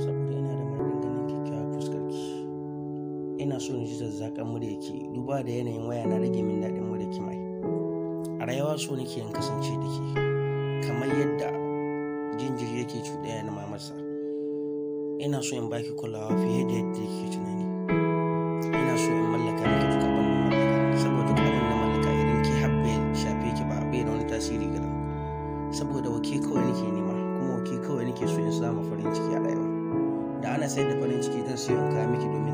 saboda ina da marabin ganin fuskar fuskarki ina so in ji zazzakan muryarki duba da yanayin waya na rage min daɗin muryarki mai a rayuwa so nake in kasance da ke kamar yadda jinjiri yake cuɗaya na mamarsa ina so in baki kulawa fiye da yadda yake tunani ina so in mallaka ki duk abin mallaka saboda duk abin da mallaka idan ki habbe shafe ki ba bai da wani tasiri ga saboda wake kawai nake nema kuma wake kawai nake so in samu farin ciki sai da farin ciki zan siyo in kawo miki domin